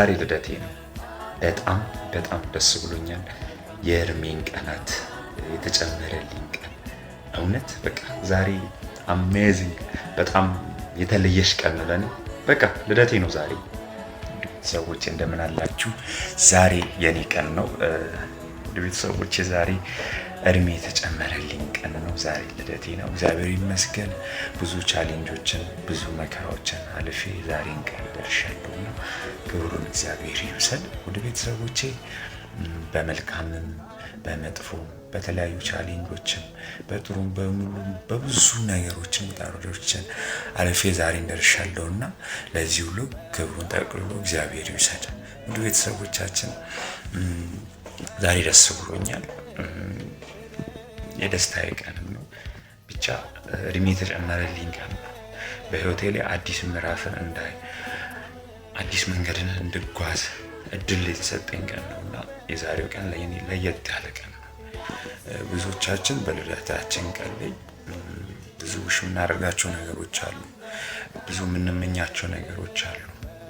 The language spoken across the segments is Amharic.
ዛሬ ልደቴ ነው። በጣም በጣም ደስ ብሎኛል። የእርሜን ቀናት የተጨመረልኝ ቀን እውነት በቃ ዛሬ አሜዚንግ በጣም የተለየሽ ቀን ነው ለኔ። በቃ ልደቴ ነው ዛሬ። ሰዎች እንደምን አላችሁ? ዛሬ የኔ ቀን ነው። ውድ ቤተሰቦች ዛሬ እድሜ የተጨመረልኝ ቀን ነው። ዛሬ ልደቴ ነው። እግዚአብሔር ይመስገን ብዙ ቻሌንጆችን ብዙ መከራዎችን አልፌ ዛሬን ቀን ደርሻለሁ እና ክብሩን እግዚአብሔር ይውሰድ። ውድ ቤተሰቦቼ በመልካምም በመጥፎ በተለያዩ ቻሌንጆችም በጥሩም በሙሉ በብዙ ነገሮችም ጣሮዶችን አልፌ ዛሬ ደርሻለሁ እና ለዚህ ሁሉ ክብሩን ጠቅልሎ እግዚአብሔር ይውሰድ። ወደ ቤተሰቦቻችን ዛሬ ደስ ብሎኛል። የደስታ ቀንም ነው። ብቻ እድሜ የተጨመረልኝ ቀን በህይወቴ ላይ አዲስ ምዕራፍን እንዳይ አዲስ መንገድን እንድጓዝ እድል የተሰጠኝ ቀን ነው እና የዛሬው ቀን ለእኔ ለየት ያለ ቀን ነው። ብዙዎቻችን በልደታችን ቀን ላይ ብዙ ውሽ የምናደርጋቸው ነገሮች አሉ፣ ብዙ የምንመኛቸው ነገሮች አሉ።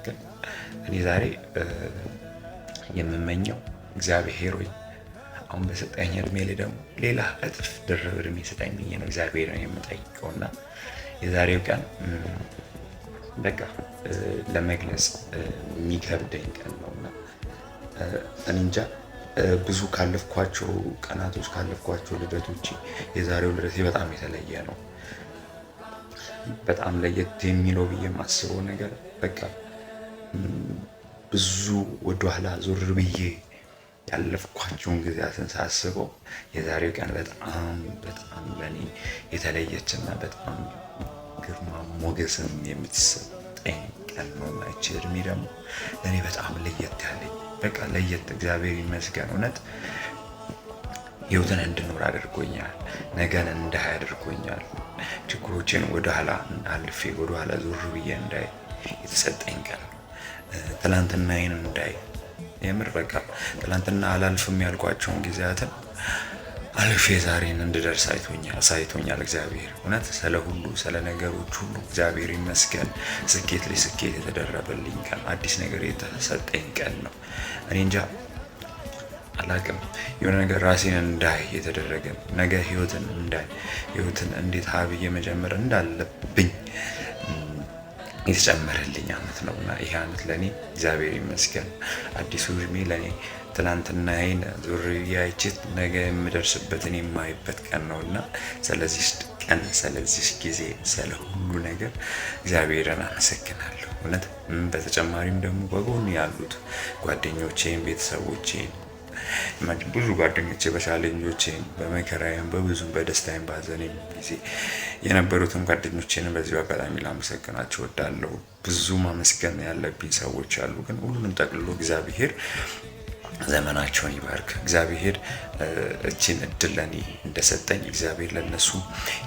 ግን እኔ ዛሬ የምመኘው እግዚአብሔር ሆይ አሁን በሰጠኝ እድሜ ላይ ደግሞ ሌላ እጥፍ ድርብ እድሜ ስጠኝ ብዬ ነው እግዚአብሔር የምጠይቀው እና የዛሬው ቀን በቃ ለመግለጽ የሚከብደኝ ቀን ነው እና እኔ እንጃ ብዙ ካለፍኳቸው ቀናቶች ካለፍኳቸው ልደቶች የዛሬው ልደቴ በጣም የተለየ ነው። በጣም ለየት የሚለው ብዬ የማስበው ነገር በቃ ብዙ ወደኋላ ዞር ብዬ ያለፍኳቸውን ጊዜያትን ሳስበው የዛሬው ቀን በጣም በጣም ለኔ የተለየችና በጣም ግርማ ሞገስም የምትሰጠኝ ቀን ነው። ማይች እድሜ ደግሞ ለእኔ በጣም ለየት ያለኝ በቃ ለየት እግዚአብሔር ይመስገን እውነት ህይወትን እንድኖር አድርጎኛል። ነገን እንዳይ አድርጎኛል። ችግሮችን ወደኋላ አልፌ ወደኋላ ዞር ብዬ እንዳይ የተሰጠኝ ቀን ትላንትናዬን እንዳይ የምር በቃ ትላንትና አላልፍም ያልኳቸውን ጊዜያትን አልፌ ዛሬን እንድደርስ አሳይቶኛል እግዚአብሔር። እውነት ስለ ሁሉ ስለ ነገሮች ሁሉ እግዚአብሔር ይመስገን። ስኬት ላይ ስኬት የተደረበልኝ ቀን፣ አዲስ ነገር የተሰጠኝ ቀን ነው። እኔ እንጃ አላቅም የሆነ ነገር ራሴን እንዳይ የተደረገ ነገ ህይወትን እንዳይ ህይወትን እንዴት ሀብዬ መጀመር እንዳለብኝ የተጨመረልኝ አመት ነው እና ይሄ ዓመት ለእኔ እግዚአብሔር ይመስገን አዲሱ እድሜ ለእኔ ትናንትና ይሄን ዙር ያይችት ነገ የምደርስበትን የማይበት ቀን ነው እና ስለዚህ ቀን ስለዚህ ጊዜ ስለ ሁሉ ነገር እግዚአብሔርን አመሰግናለሁ እውነት። በተጨማሪም ደግሞ በጎን ያሉት ጓደኞቼን ቤተሰቦቼን ብዙ ጓደኞቼ በቻሌንጆቼ በመከራዬም በብዙም በደስታዬም ባዘኔም ጊዜ የነበሩትን ጓደኞቼንም በዚሁ አጋጣሚ ላመሰግናቸው እወዳለሁ። ብዙ ማመስገን ያለብኝ ሰዎች አሉ፣ ግን ሁሉንም ጠቅልሎ እግዚአብሔር ዘመናቸውን ይባርክ። እግዚአብሔር እችን እድል ለኔ እንደሰጠኝ እግዚአብሔር ለነሱ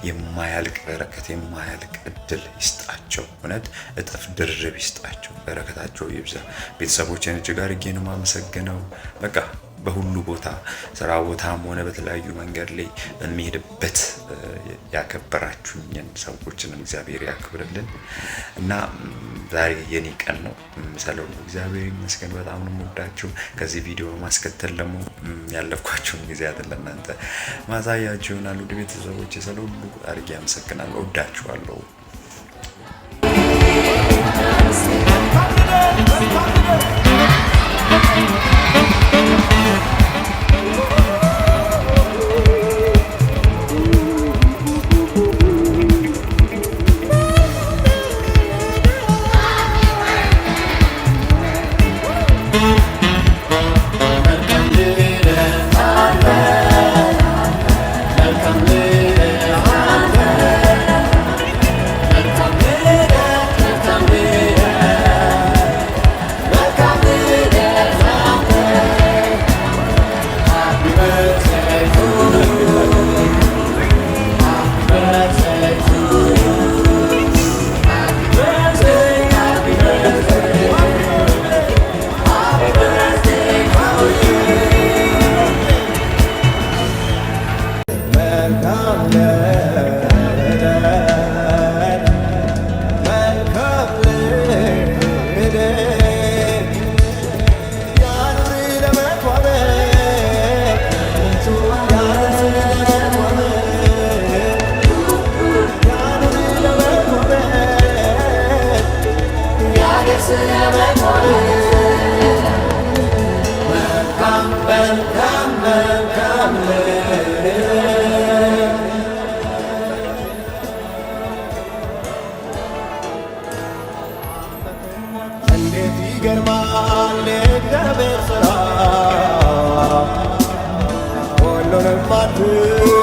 የማያልቅ በረከት የማያልቅ እድል ይስጣቸው። እውነት እጥፍ ድርብ ይስጣቸው። በረከታቸው ይብዛ። ቤተሰቦችን እጅግ አድርጌ ነው የማመሰግነው። በቃ በሁሉ ቦታ ስራ ቦታም ሆነ በተለያዩ መንገድ ላይ በሚሄድበት ያከበራችሁኝን ሰዎችን እግዚአብሔር ያክብርልን እና ዛሬ የኔ ቀን ነው ሰለው እግዚአብሔር ይመስገን። በጣም ነው የምወዳችሁ። ከዚህ ቪዲዮ በማስከተል ደግሞ ያለፍኳችሁን ጊዜያትን ለእናንተ ማሳያችሁ ይሆናል። ውድ ቤተሰቦች ስለ ሁሉ አድርጌ አመሰግናለሁ። እወዳችኋለሁ። Yeah. ይገርማል እግዚአብሔር ሥራ ሁሉንም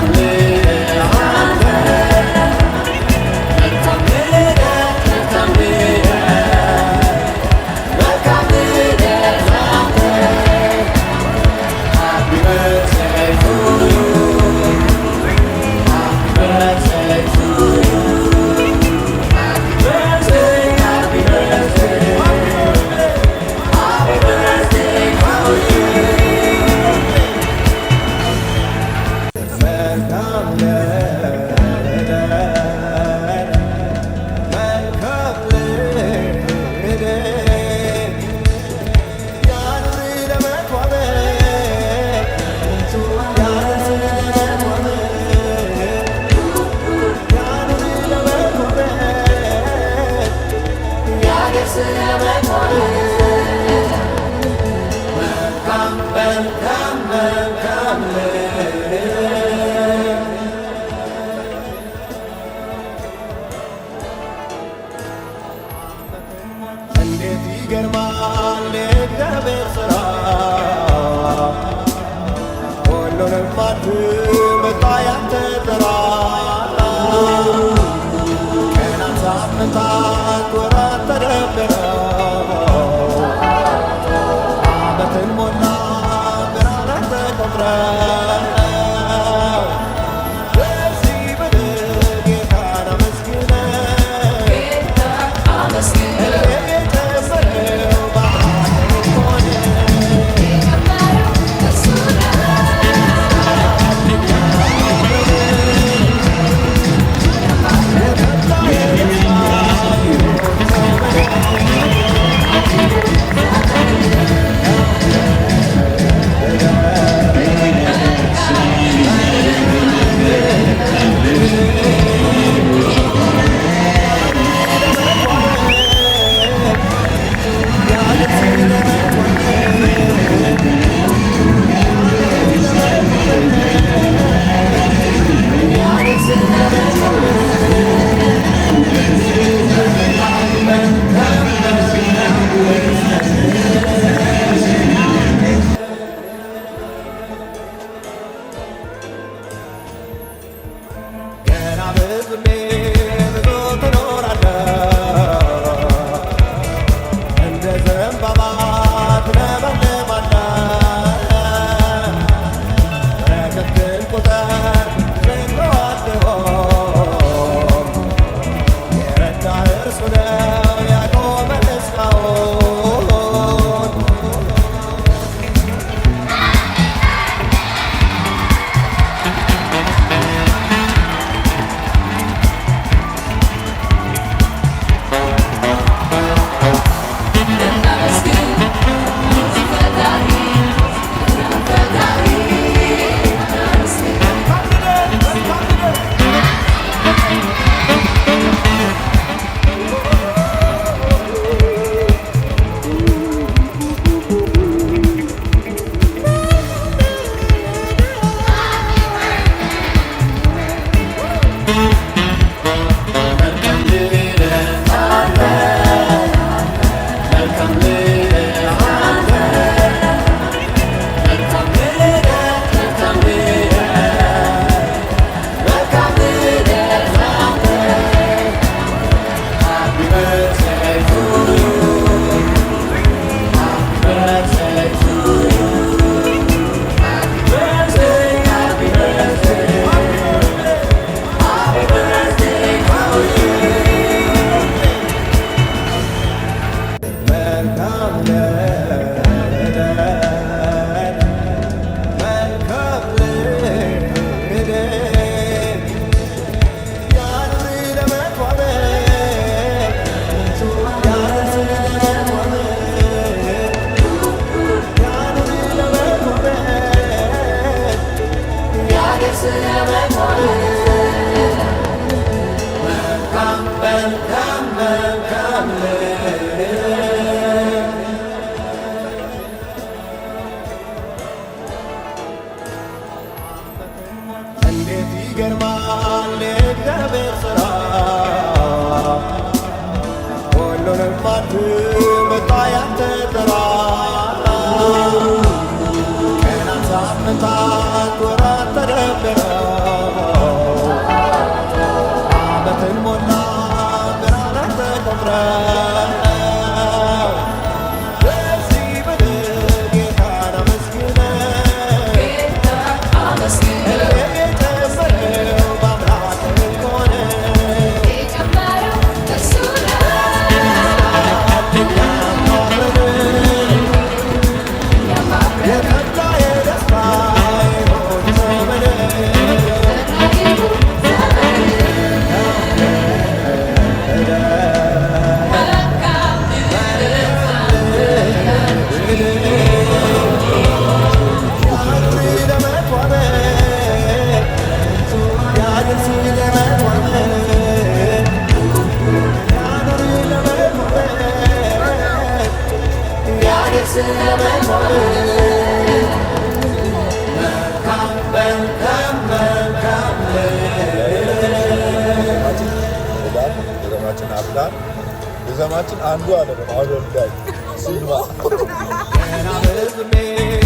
from me. yeah. የዘማችን አፍላል የዘማችን አንዱ አለ ነው አሁን ላይ ሲልባ